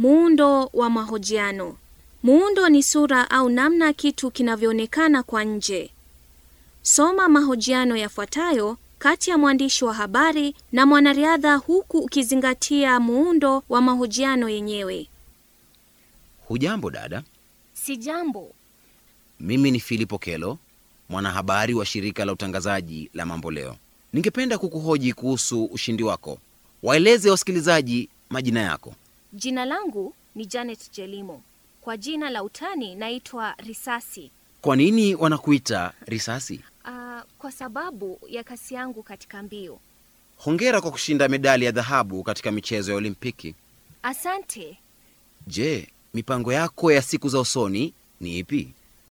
Muundo wa mahojiano. Muundo ni sura au namna kitu kinavyoonekana kwa nje. Soma mahojiano yafuatayo kati ya mwandishi wa habari na mwanariadha huku ukizingatia muundo wa mahojiano yenyewe. Hujambo dada? Sijambo. Mimi ni Filipo Kelo, mwanahabari wa shirika la utangazaji la Mambo Leo. Ningependa kukuhoji kuhusu ushindi wako. Waeleze wasikilizaji majina yako. Jina langu ni Janet Jelimo. Kwa jina la utani naitwa Risasi. Kwa nini wanakuita Risasi? Uh, kwa sababu ya kasi yangu katika mbio. Hongera kwa kushinda medali ya dhahabu katika michezo ya Olimpiki. Asante. Je, mipango yako ya siku za usoni ni ipi?